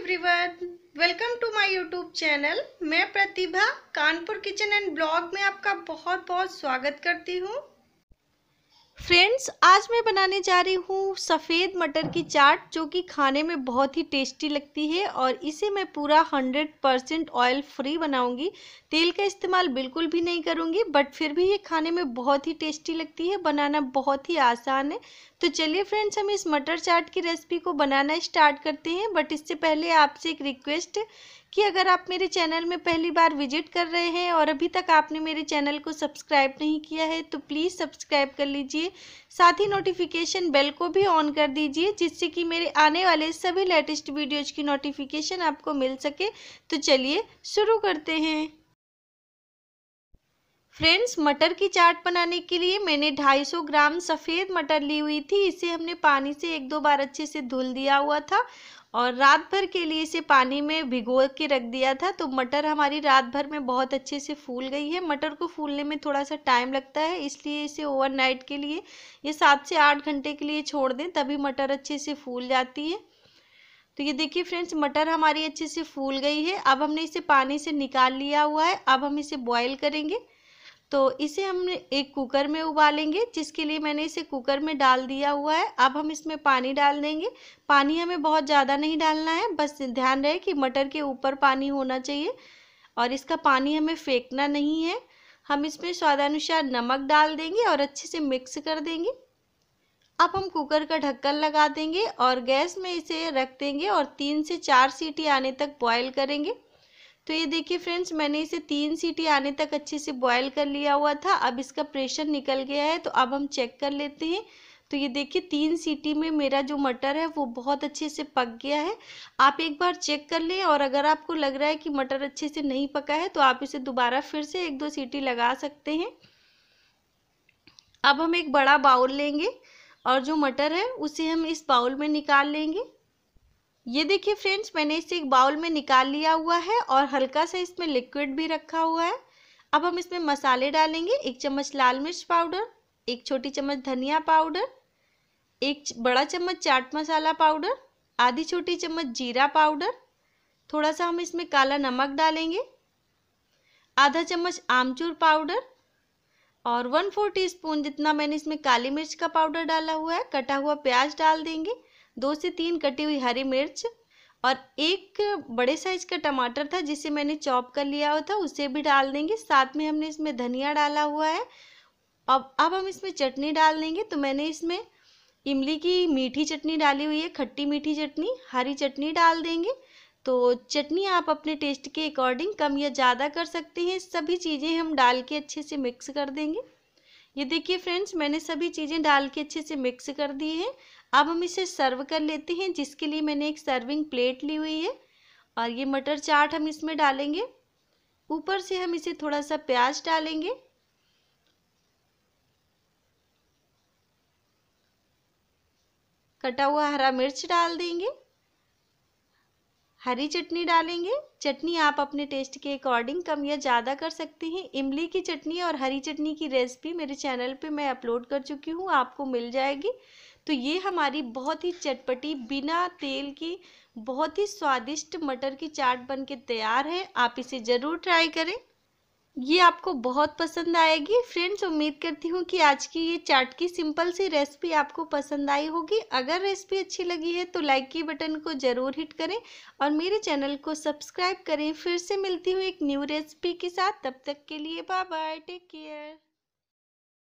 everyone welcome to my YouTube channel मैं Pratibha Kanpur kitchen and blog में आपका बहुत बहुत स्वागत करती हूँ फ्रेंड्स आज मैं बनाने जा रही हूँ सफ़ेद मटर की चाट जो कि खाने में बहुत ही टेस्टी लगती है और इसे मैं पूरा 100 परसेंट ऑयल फ्री बनाऊंगी तेल का इस्तेमाल बिल्कुल भी नहीं करूँगी बट फिर भी ये खाने में बहुत ही टेस्टी लगती है बनाना बहुत ही आसान है तो चलिए फ्रेंड्स हम इस मटर चाट की रेसिपी को बनाना स्टार्ट करते हैं बट इससे पहले आपसे एक रिक्वेस्ट कि अगर आप मेरे चैनल में पहली बार विजिट कर रहे हैं और अभी तक आपने मेरे चैनल को सब्सक्राइब नहीं किया है तो प्लीज़ सब्सक्राइब कर लीजिए साथ ही नोटिफिकेशन बेल को भी ऑन कर दीजिए जिससे कि मेरे आने वाले सभी लेटेस्ट वीडियोज़ की नोटिफिकेशन आपको मिल सके तो चलिए शुरू करते हैं फ्रेंड्स मटर की चाट बनाने के लिए मैंने 250 ग्राम सफ़ेद मटर ली हुई थी इसे हमने पानी से एक दो बार अच्छे से धुल दिया हुआ था और रात भर के लिए इसे पानी में भिगो के रख दिया था तो मटर हमारी रात भर में बहुत अच्छे से फूल गई है मटर को फूलने में थोड़ा सा टाइम लगता है इसलिए इसे ओवरनाइट के लिए ये सात से आठ घंटे के लिए छोड़ दें तभी मटर अच्छे से फूल जाती है तो ये देखिए फ्रेंड्स मटर हमारी अच्छे से फूल गई है अब हमने इसे पानी से निकाल लिया हुआ है अब हम इसे बॉयल करेंगे तो इसे हम एक कुकर में उबालेंगे जिसके लिए मैंने इसे कुकर में डाल दिया हुआ है अब हम इसमें पानी डाल देंगे पानी हमें बहुत ज़्यादा नहीं डालना है बस ध्यान रहे कि मटर के ऊपर पानी होना चाहिए और इसका पानी हमें फेंकना नहीं है हम इसमें स्वादानुसार नमक डाल देंगे और अच्छे से मिक्स कर देंगे अब हम कुकर का ढक्कन लगा देंगे और गैस में इसे रख देंगे और तीन से चार सीटी आने तक बॉयल करेंगे तो ये देखिए फ्रेंड्स मैंने इसे तीन सीटी आने तक अच्छे से बॉयल कर लिया हुआ था अब इसका प्रेशर निकल गया है तो अब हम चेक कर लेते हैं तो ये देखिए तीन सीटी में मेरा जो मटर है वो बहुत अच्छे से पक गया है आप एक बार चेक कर लें और अगर आपको लग रहा है कि मटर अच्छे से नहीं पका है तो आप इसे दोबारा फिर से एक दो सीटी लगा सकते हैं अब हम एक बड़ा बाउल लेंगे और जो मटर है उसे हम इस बाउल में निकाल लेंगे ये देखिए फ्रेंड्स मैंने इसे एक बाउल में निकाल लिया हुआ है और हल्का सा इसमें लिक्विड भी रखा हुआ है अब हम इसमें मसाले डालेंगे एक चम्मच लाल मिर्च पाउडर एक छोटी चम्मच धनिया पाउडर एक बड़ा चम्मच चाट मसाला पाउडर आधी छोटी चम्मच जीरा पाउडर थोड़ा सा हम इसमें काला नमक डालेंगे आधा चम्मच आमचूर पाउडर और वन फोर टी स्पून जितना मैंने इसमें काली मिर्च का पाउडर डाला हुआ है कटा हुआ प्याज डाल देंगे दो से तीन कटी हुई हरी मिर्च और एक बड़े साइज का टमाटर था जिसे मैंने चॉप कर लिया हुआ था उसे भी डाल देंगे साथ में हमने इसमें धनिया डाला हुआ है अब अब हम इसमें चटनी डाल देंगे तो मैंने इसमें इमली की मीठी चटनी डाली हुई है खट्टी मीठी चटनी हरी चटनी डाल देंगे तो चटनी आप अपने टेस्ट के अकॉर्डिंग कम या ज़्यादा कर सकते हैं सभी चीज़ें हम डाल के अच्छे से मिक्स कर देंगे ये देखिए फ्रेंड्स मैंने सभी चीज़ें डाल के अच्छे से मिक्स कर दी है अब हम इसे सर्व कर लेते हैं जिसके लिए मैंने एक सर्विंग प्लेट ली हुई है और ये मटर चाट हम इसमें डालेंगे ऊपर से हम इसे थोड़ा सा प्याज डालेंगे कटा हुआ हरा मिर्च डाल देंगे हरी चटनी डालेंगे चटनी आप अपने टेस्ट के अकॉर्डिंग कम या ज़्यादा कर सकते हैं इमली की चटनी और हरी चटनी की रेसिपी मेरे चैनल पे मैं अपलोड कर चुकी हूँ आपको मिल जाएगी तो ये हमारी बहुत ही चटपटी बिना तेल की बहुत ही स्वादिष्ट मटर की चाट बन के तैयार है आप इसे ज़रूर ट्राई करें ये आपको बहुत पसंद आएगी फ्रेंड्स उम्मीद करती हूँ कि आज की ये चाट की सिंपल सी रेसिपी आपको पसंद आई होगी अगर रेसिपी अच्छी लगी है तो लाइक की बटन को ज़रूर हिट करें और मेरे चैनल को सब्सक्राइब करें फिर से मिलती हूँ एक न्यू रेसिपी के साथ तब तक के लिए बाय बाय टेक केयर